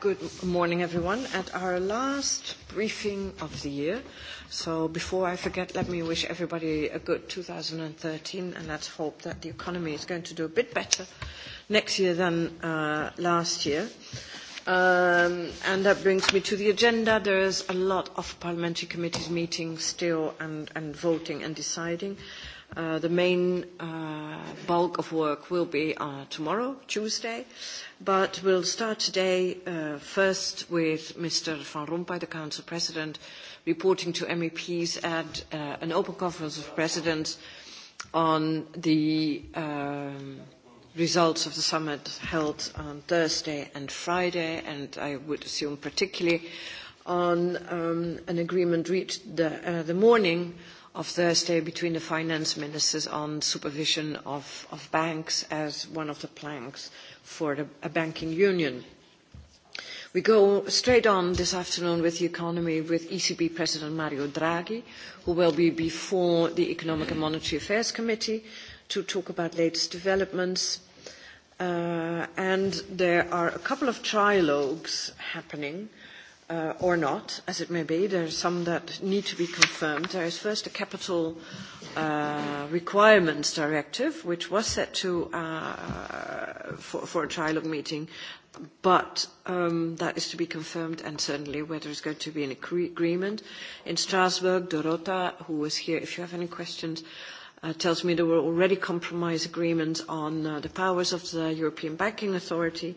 Good morning, everyone. At our last briefing of the year, so before I forget, let me wish everybody a good 2013, and let's hope that the economy is going to do a bit better next year than last year. And that brings me to the agenda. There is a lot of parliamentary committees meeting still and voting and deciding. The main bulk of work will be tomorrow, Tuesday, but we'll start today first with Mr. Van Rompuy, the Council President, reporting to MEPs at an open conference of presidents on the results of the summit held on Thursday and Friday, and I would assume particularly on an agreement reached the morning of Thursday between the finance ministers on supervision of banks as one of the planks for a banking union. We go straight on this afternoon with the economy with ECB President Mario Draghi, who will be before the Economic and Monetary Affairs Committee to talk about latest developments. And there are a couple of trilogues happening or not, as it may be. There are some that need to be confirmed. There is first a capital requirements directive, which was set to for a trilogue meeting, but that is to be confirmed, and certainly whether there is going to be an agreement. In Strasbourg, Dorota, who was here, if you have any questions, tells me there were already compromise agreements on the powers of the European Banking Authority,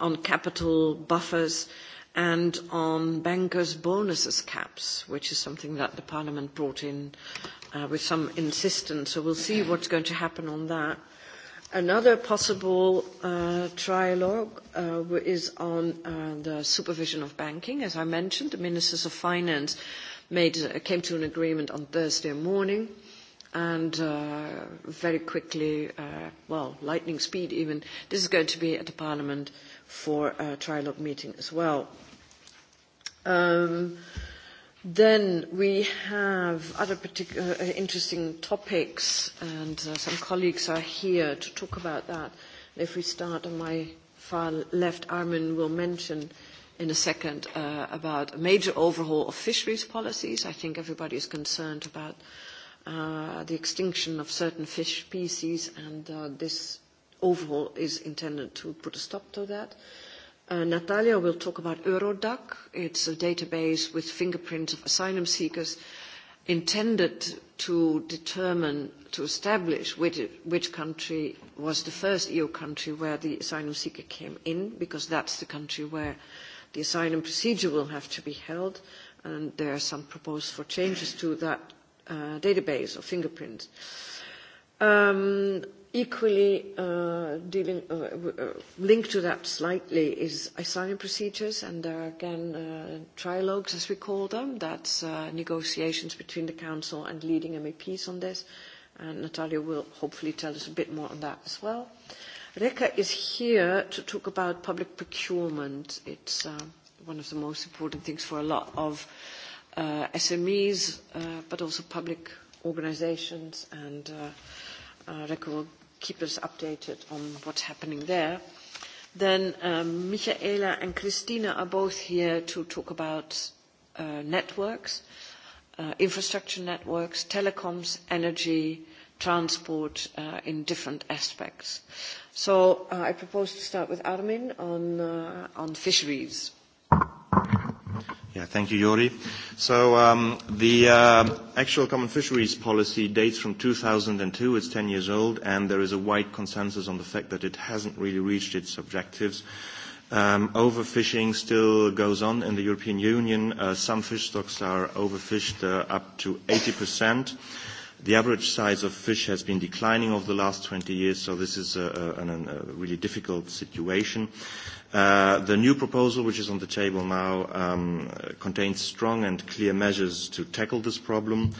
on capital buffers and on bankers' bonuses caps, which is something that the Parliament brought in with some insistence. So we'll see what's going to happen on that. Another possible trialogue is on the supervision of banking. As I mentioned, the Ministers of Finance came to an agreement on Thursday morning and very quickly, well, lightning speed even, this is going to be at the Parliament for a trilogue meeting as well. Then we have other particular interesting topics, and some colleagues are here to talk about that. If we start on my far left, Armin will mention in a second about a major overhaul of fisheries policies. I think everybody is concerned about the extinction of certain fish species, and this overhaul is intended to put a stop to that. Natalia will talk about Eurodac. It's a database with fingerprints of asylum seekers intended to determine, to establish which country was the first EU country where the asylum seeker came in, because that's the country where the asylum procedure will have to be held, and there are some proposals for changes to that database of fingerprints. Equally linked to that slightly is asylum procedures and there are again trilogues as we call them. That's negotiations between the Council and leading MEPs on this and Natalia will hopefully tell us a bit more on that as well. Reka is here to talk about public procurement. It's one of the most important things for a lot of SMEs but also public organisations and Reka will keep us updated on what's happening there. Then Michaela and Christina are both here to talk about networks, infrastructure networks, telecoms, energy, transport in different aspects. So I propose to start with Armin on fisheries. Yeah, thank you, Jori. So the actual common fisheries policy dates from 2002. It's 10 years old, and there is a wide consensus on the fact that it hasn't really reached its objectives. overfishing still goes on in the European Union. some fish stocks are overfished up to 80 percent. The average size of fish has been declining over the last 20 years, so this is a really difficult situation. The new proposal, which is on the table now, contains strong and clear measures to tackle this problem.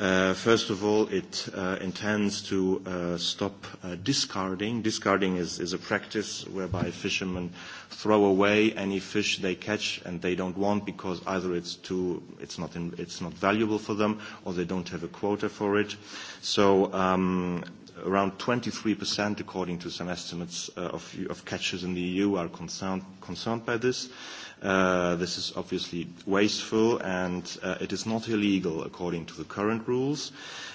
First of all, it intends to stop discarding. Discarding is a practice whereby fishermen throw away any fish they catch and they don't want because either it's too it's not it's not valuable for them or they don't have a quota for it. So around 23%, according to some estimates of catchers in the EU, are concerned by this This is obviously wasteful and it is not illegal according to the current rules.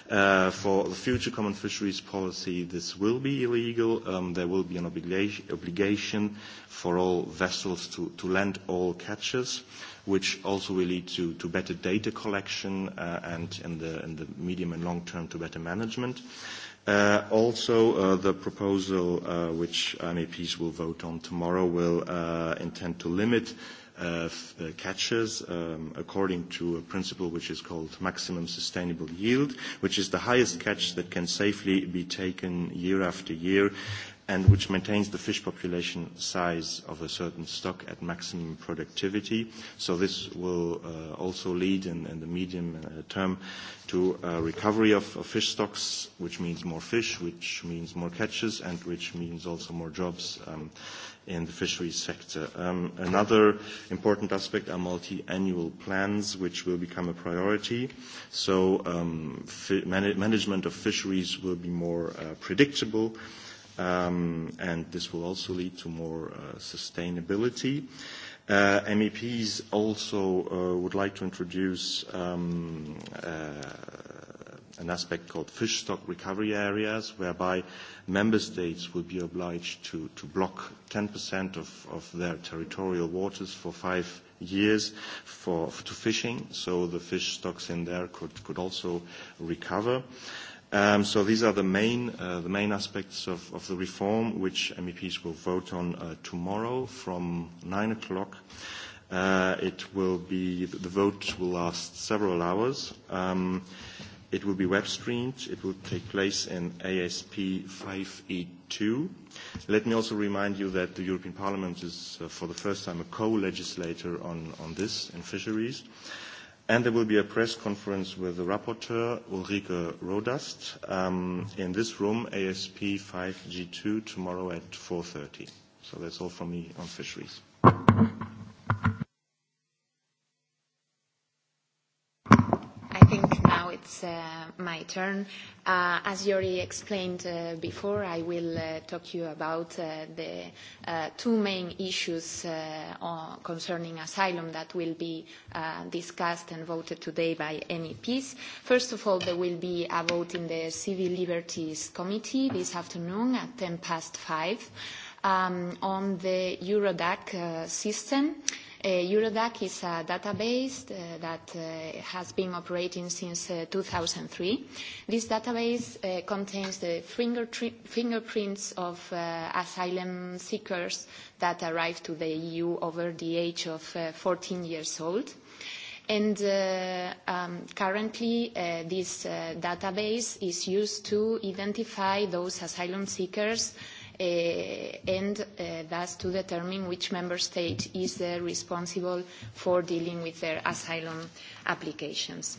For the future common fisheries policy, this will be illegal. There will be an obligation for all vessels to land all catches, which also will lead to better data collection and in the medium and long term to better management. Also, the proposal which MEPs will vote on tomorrow will intend to limit catches according to a principle which is called maximum sustainable yield, which is the highest catch that can safely be taken year after year and which maintains the fish population size of a certain stock at maximum productivity. So this will also lead in the medium term to a recovery of fish stocks, which means more fish, which means more catches, and which means also more jobs in the fisheries sector. Another important aspect are multi-annual plans, which will become a priority. So management of fisheries will be more predictable, and this will also lead to more sustainability. MEPs also would like to introduce an aspect called fish stock recovery areas, whereby member states will be obliged to block 10% of their territorial waters for five years for to fishing, so the fish stocks in there could could also recover. So these are the main the main aspects of the reform which MEPs will vote on tomorrow from 9 o'clock. It will be the vote will last several hours. It will be web streamed. It will take place in ASP 5E2. Let me also remind you that the European Parliament is for the first time a co-legislator on this in fisheries. And there will be a press conference with the rapporteur, Ulrike Rodast, in this room, ASP 5G2, tomorrow at 4.30. So that's all from me on fisheries. I think now it's my turn. As Yuri explained before, I will talk to you about the two main issues concerning asylum that will be discussed and voted today by MEPs. First of all, there will be a vote in the Civil Liberties Committee this afternoon at 10 past 5 on the Eurodac system Eurodac is a database that has been operating since 2003. This database contains the fingerprints of asylum seekers that arrived to the EU over the age of 14 years old. And currently, this database is used to identify those asylum seekers and thus to determine which member state is responsible for dealing with their asylum applications.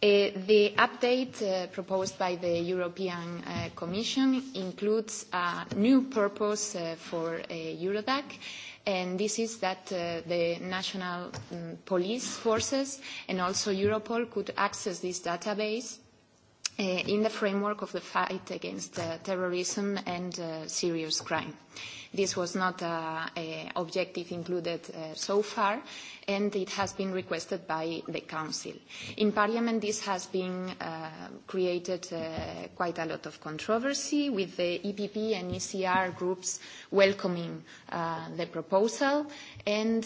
The update proposed by the European Commission includes a new purpose for Eurodac, and this is that the national police forces and also Europol could access this database in the framework of the fight against terrorism and serious crime. This was not an objective included so far, and it has been requested by the Council. In Parliament, this has been created quite a lot of controversy, with the EPP and ECR groups welcoming the proposal and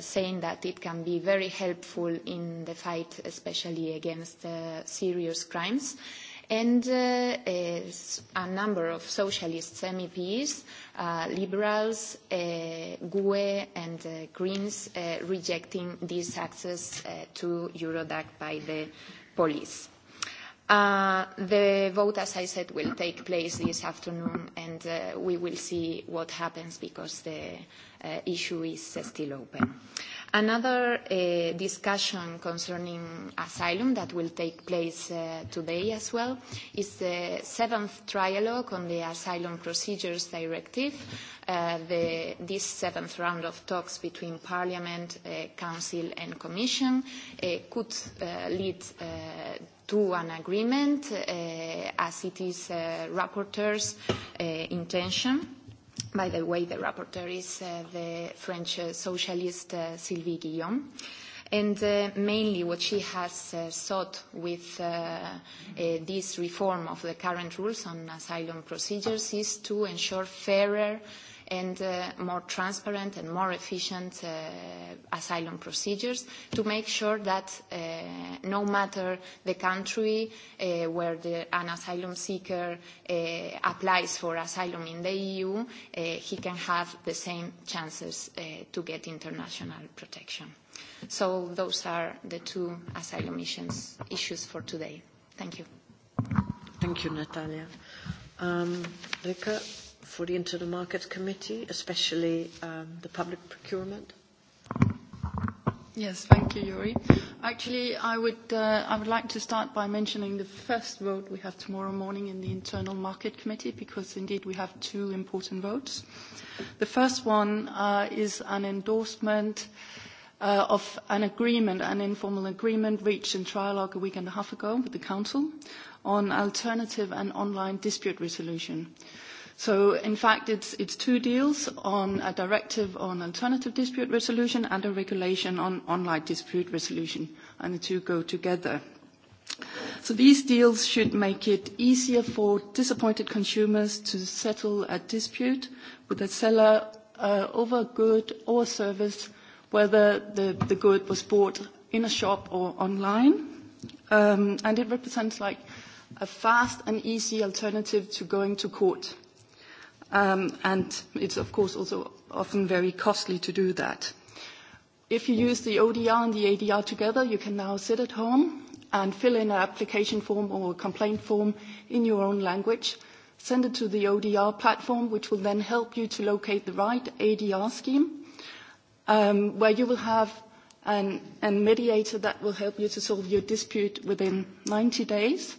saying that it can be very helpful in the fight, especially against serious crimes and a number of socialist MEPs, liberals, GUE and Greens rejecting this access to Eurodac by the police. The vote, as I said, will take place this afternoon, and we will see what happens because the issue is still open. Another discussion concerning asylum that will take place today as well is the seventh trialogue on the Asylum Procedures Directive, this seventh round of talks between Parliament, Council and Commission could lead to an agreement as it is rapporteur's intention By the way, the rapporteur is the French socialist Sylvie Guillaume. And mainly what she has sought with this reform of the current rules on asylum procedures is to ensure fairer and more transparent and more efficient asylum procedures to make sure that no matter the country where an asylum seeker applies for asylum in the EU, he can have the same chances to get international protection. So those are the two asylum issues for today. Thank you. Thank you, Natalia for the Internal Market Committee, especially the public procurement? Yes, thank you, Yuri. Actually, I would I would like to start by mentioning the first vote we have tomorrow morning in the Internal Market Committee, because indeed we have two important votes. The first one is an endorsement of an agreement, an informal agreement reached in trialogue a week and a half ago with the Council on alternative and online dispute resolution. So, in fact, it's two deals on a directive on alternative dispute resolution and a regulation on online dispute resolution, and the two go together. So these deals should make it easier for disappointed consumers to settle a dispute with a seller over a good or a service, whether the good was bought in a shop or online. And it represents like a fast and easy alternative to going to court and it's of course also often very costly to do that. If you use the ODR and the ADR together, you can now sit at home and fill in an application form or a complaint form in your own language, send it to the ODR platform, which will then help you to locate the right ADR scheme, where you will have a mediator that will help you to solve your dispute within 90 days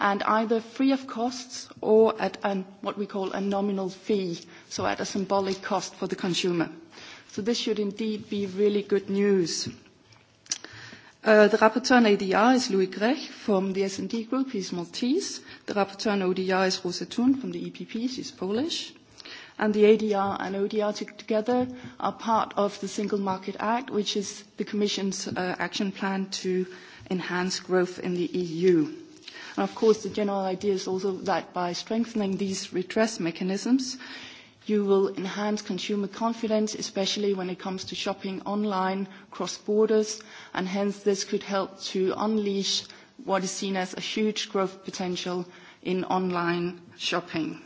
and either free of costs or at what we call a nominal fee, so at a symbolic cost for the consumer. So this should indeed be really good news. The rapporteur on ADR is Louis Grech from the S&D Group. He's Maltese. The rapporteur on ODR is Rosa Thun from the EPP. She's Polish. And the ADR and ODR together are part of the Single Market Act, which is the Commission's action plan to enhance growth in the EU. And of course, the general idea is also that by strengthening these redress mechanisms, you will enhance consumer confidence, especially when it comes to shopping online, cross borders, and hence this could help to unleash what is seen as a huge growth potential in online shopping.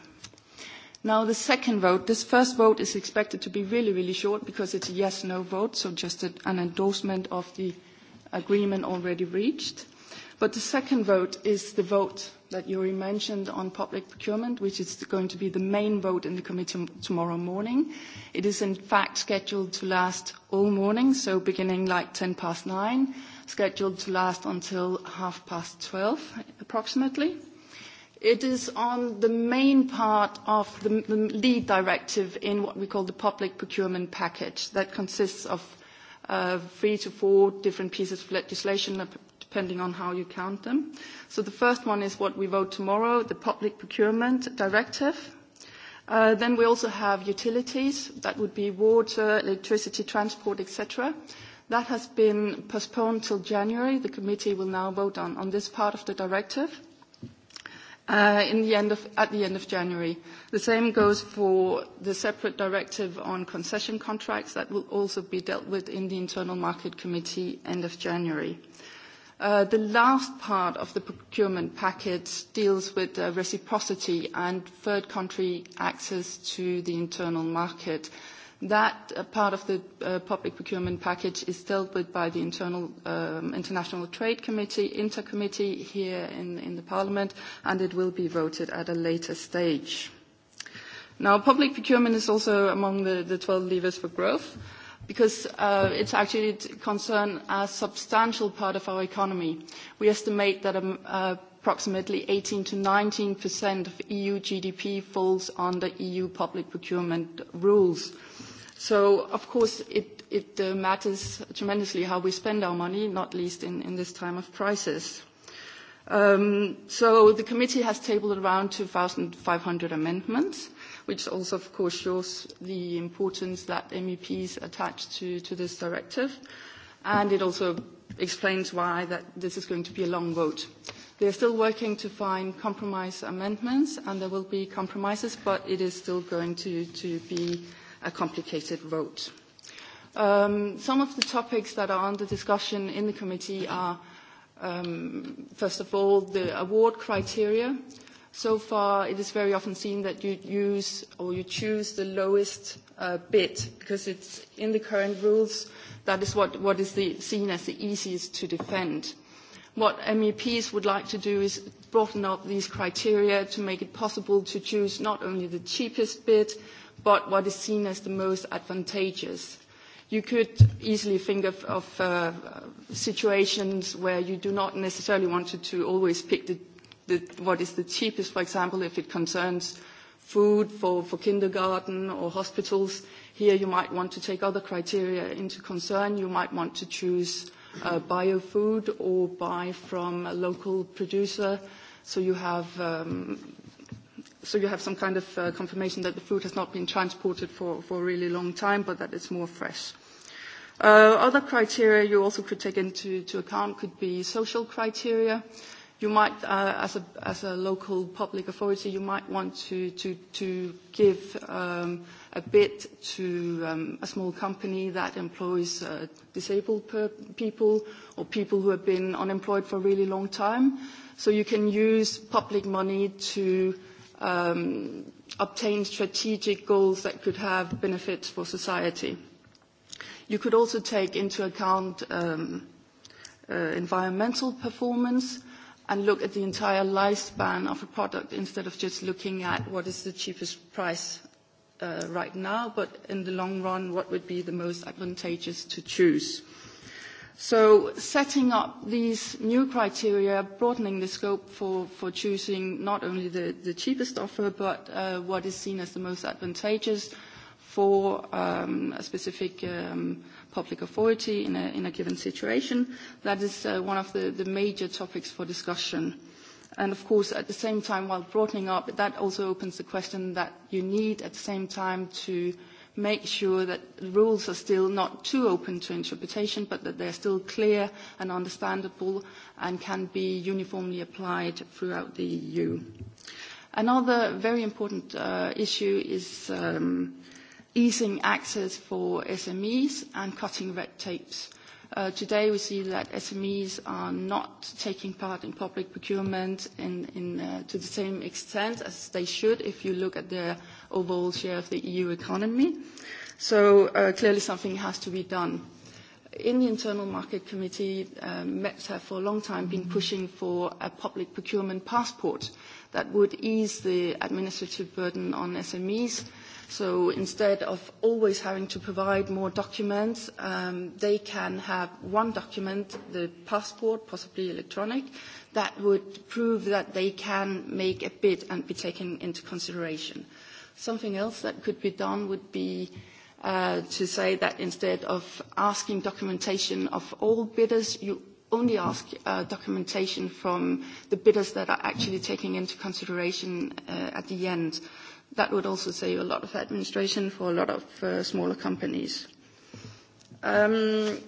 Now the second vote. This first vote is expected to be really, really short because it's a yes/no vote, so just an endorsement of the agreement already reached. But the second vote is the vote that Yuri mentioned on public procurement, which is going to be the main vote in the committee tomorrow morning. It is in fact scheduled to last all morning, so beginning like 10 past nine, scheduled to last until half past 12 approximately. It is on the main part of the lead directive in what we call the public procurement package that consists of three to four different pieces of legislation depending on how you count them. So the first one is what we vote tomorrow, the Public Procurement Directive. Then we also have utilities. That would be water, electricity, transport, etc. That has been postponed till January. The committee will now vote on this part of the directive at the end of January. The same goes for the separate directive on concession contracts that will also be dealt with in the Internal Market Committee end of January. The last part of the procurement package deals with reciprocity and third country access to the internal market. That part of the public procurement package is dealt with by the International Trade Committee, Intercommittee here in the Parliament, and it will be voted at a later stage. Now, public procurement is also among the 12 levers for growth because it actually concerns a substantial part of our economy. We estimate that approximately 18 to 19% of EU GDP falls under EU public procurement rules. So, of course, it matters tremendously how we spend our money, not least in this time of crisis. So the committee has tabled around 2,500 amendments which also, of course, shows the importance that MEPs attach to this directive. And it also explains why that this is going to be a long vote. They are still working to find compromise amendments, and there will be compromises, but it is still going to be a complicated vote. Some of the topics that are under discussion in the committee are, first of all, the award criteria. So far, it is very often seen that you use or you choose the lowest bit because it's in the current rules that is what is seen as the easiest to defend. What MEPs would like to do is broaden up these criteria to make it possible to choose not only the cheapest bit but what is seen as the most advantageous. You could easily think of situations where you do not necessarily want to always pick the what is the cheapest, for example, if it concerns food for kindergarten or hospitals. Here you might want to take other criteria into concern. You might want to choose bio food or buy from a local producer, so you have so you have some kind of confirmation that the food has not been transported for for a really long time, but that it's more fresh. Other criteria you also could take into account could be social criteria you might, as a as a local public authority, you might want to to to give a bit to a small company that employs disabled people or people who have been unemployed for a really long time. So you can use public money to obtain strategic goals that could have benefits for society. You could also take into account environmental performance and look at the entire lifespan of a product instead of just looking at what is the cheapest price right now, but in the long run, what would be the most advantageous to choose. So setting up these new criteria, broadening the scope for choosing not only the cheapest offer, but what is seen as the most advantageous for a specific public authority in a given situation. That is one of the major topics for discussion. And of course, at the same time, while broadening up, that also opens the question that you need at the same time to make sure that the rules are still not too open to interpretation, but that they're still clear and understandable and can be uniformly applied throughout the EU. Another very important issue is easing access for SMEs and cutting red tapes. Today we see that SMEs are not taking part in public procurement to the same extent as they should if you look at their overall share of the EU economy. So clearly something has to be done. In the Internal Market Committee, MEPs have for a long time been pushing for a public procurement passport that would ease the administrative burden on SMEs So instead of always having to provide more documents, they can have one document, the passport, possibly electronic, that would prove that they can make a bid and be taken into consideration. Something else that could be done would be to say that instead of asking documentation of all bidders, you only ask documentation from the bidders that are actually taken into consideration at the end that would also save a lot of administration for a lot of smaller companies. And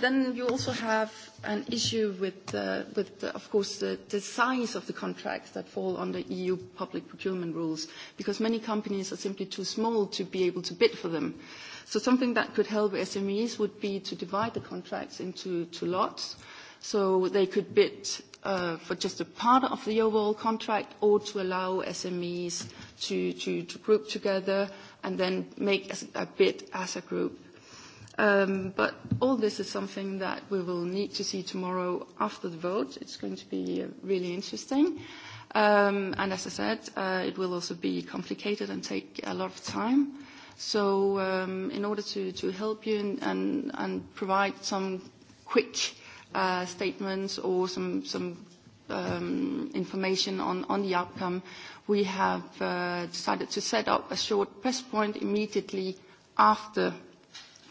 then you also have an issue with, with of course, the size of the contracts that fall under EU public procurement rules, because many companies are simply too small to be able to bid for them. So something that could help SMEs would be to divide the contracts into lots, so they could bid for just a part of the overall contract or to allow SMEs to group together and then make a bid as a group. But all this is something that we will need to see tomorrow after the vote. It's going to be really interesting. And as I said, it will also be complicated and take a lot of time. So in order to help you and provide some quick statements or some some information on on the outcome, we have decided to set up a short press point immediately after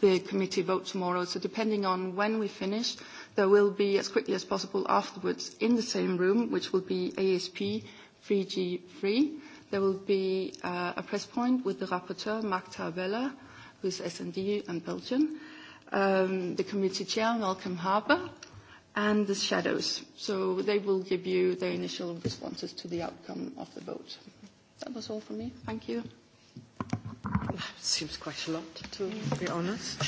the committee vote tomorrow. So depending on when we finish, there will be, as quickly as possible afterwards, in the same room, which will be ASP 3G3, there will be a press point with the rapporteur, Mark Tarabella, who is SD and Belgian, the committee chair, Malcolm Harper, and the shadows. So they will give you their initial responses to the outcome of the vote. That was all for me. Thank you. Seems quite a lot, to be honest.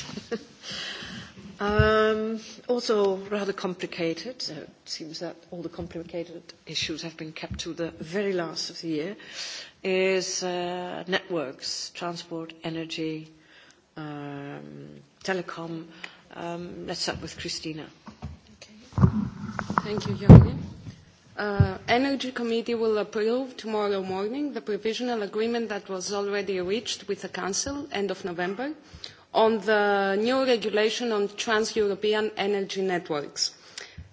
Also rather complicated. It seems that all the complicated issues have been kept to the very last of the year. Is networks, transport, energy, telecom. Let's start with Christina. Thank you, Yoni. Energy Committee will approve tomorrow morning the provisional agreement that was already reached with the Council end of November on the new regulation on trans-European energy networks.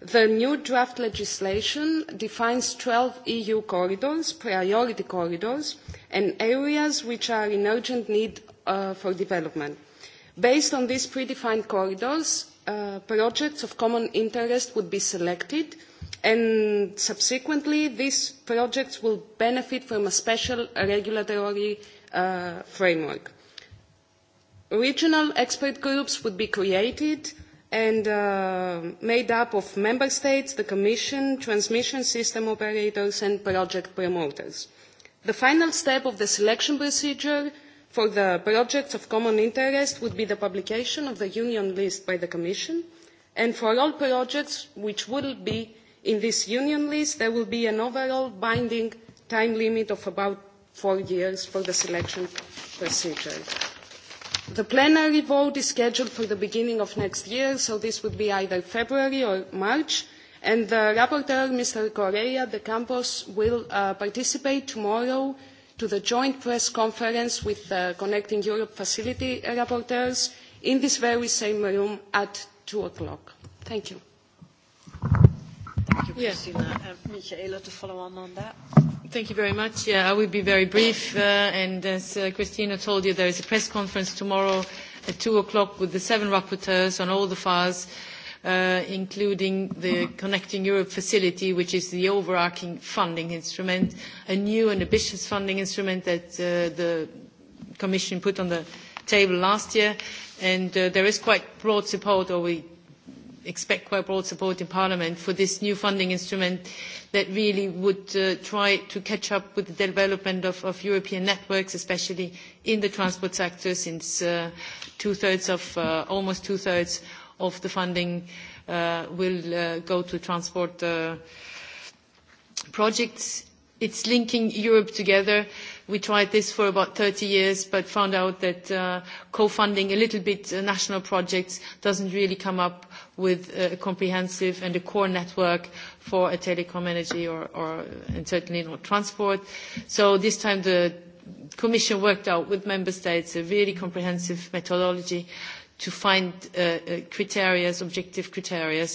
The new draft legislation defines 12 EU corridors, priority corridors, and areas which are in urgent need for development. Based on these predefined corridors, projects of common interest would be selected and subsequently these projects will benefit from a special regulatory framework. Regional expert groups would be created and made up of Member States, the Commission, transmission system operators and project promoters. The final step of the selection procedure for the projects of common interest would be the publication of the union list by the commission and for all projects which will be in this union list there will be an overall binding time limit of about four years for the selection procedure. the plenary vote is scheduled for the beginning of next year so this would be either february or march and the rapporteur mr Correa de campos will participate tomorrow to the joint press conference with the Connecting Europe Facility rapporteurs in this very same room at 2 o'clock. Thank you. Thank you, Christina. Michaela, to follow on on that. Thank you very much. I will be very brief. And as Christina told you, there is a press conference tomorrow at 2 o'clock with the seven rapporteurs on all the files including the Connecting Europe facility, which is the overarching funding instrument, a new and ambitious funding instrument that the Commission put on the table last year. And there is quite broad support, or we expect quite broad support in Parliament for this new funding instrument that really would try to catch up with the development of European networks, especially in the transport sector, since two-thirds of, almost two-thirds of the funding will go to transport projects. It's linking Europe together. We tried this for about 30 years, but found out that co-funding a little bit national projects doesn't really come up with a comprehensive and a core network for a telecom energy or and certainly not transport. So this time the Commission worked out with member states a really comprehensive methodology to find criteria, objective criteria,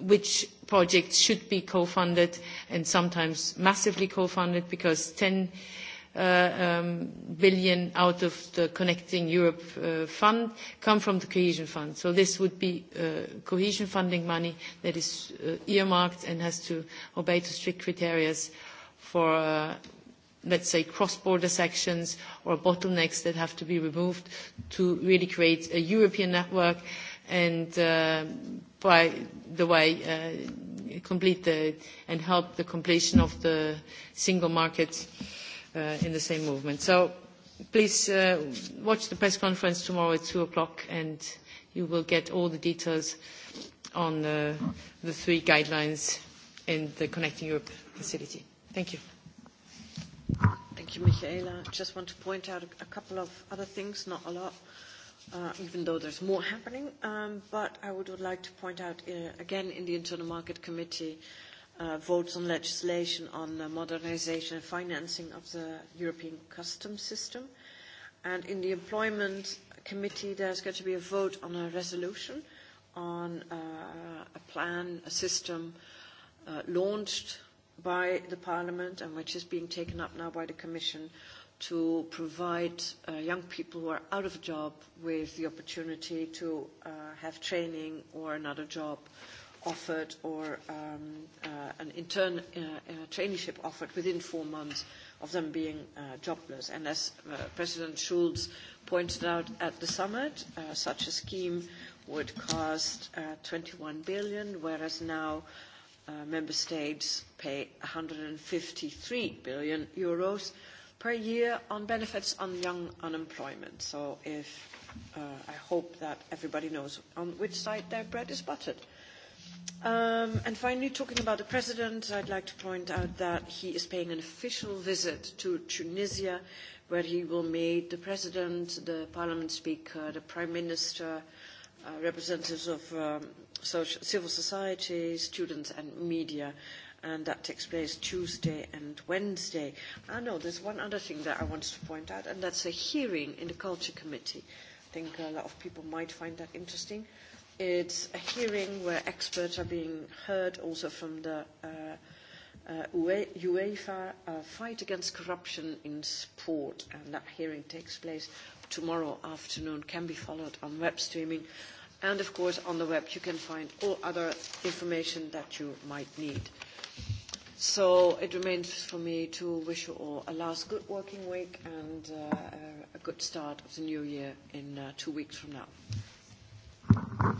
which projects should be co-funded and sometimes massively co-funded because 10 billion out of the Connecting Europe fund come from the cohesion fund. So this would be cohesion funding money that is earmarked and has to obey to strict criteria for let's say, cross-border sections or bottlenecks that have to be removed to really create a European network and, by the way, complete and help the completion of the single market in the same movement. So please watch the press conference tomorrow at 2 o'clock and you will get all the details on the three guidelines in the Connecting Europe facility. Thank you. Thank you, Michaela. Just want to point out a couple of other things, not a lot, even though there's more happening. But I would like to point out again in the Internal Market Committee votes on legislation on the modernization and financing of the European customs system. And in the Employment Committee, there's going to be a vote on a resolution on a plan, a system launched by the Parliament and which is being taken up now by the Commission to provide young people who are out of a job with the opportunity to have training or another job offered or an intern traineeship offered within four months of them being jobless. And as President Schulz pointed out at the summit, such a scheme would cost 21 billion, whereas now member states pay 153 billion euros per year on benefits on young unemployment. So if I hope that everybody knows on which side their bread is buttered. And finally, talking about the president, I'd like to point out that he is paying an official visit to Tunisia, where he will meet the president, the parliament speaker, the prime minister representatives of civil society, students and media, and that takes place Tuesday and Wednesday. I know there's one other thing that I wanted to point out, and that's a hearing in the Culture Committee. I think a lot of people might find that interesting. It's a hearing where experts are being heard, also from the UEFA Fight Against Corruption in Sport, and that hearing takes place tomorrow afternoon, can be followed on web streaming. And, of course, on the web you can find all other information that you might need. So it remains for me to wish you all a last good working week and a good start of the new year in two weeks from now.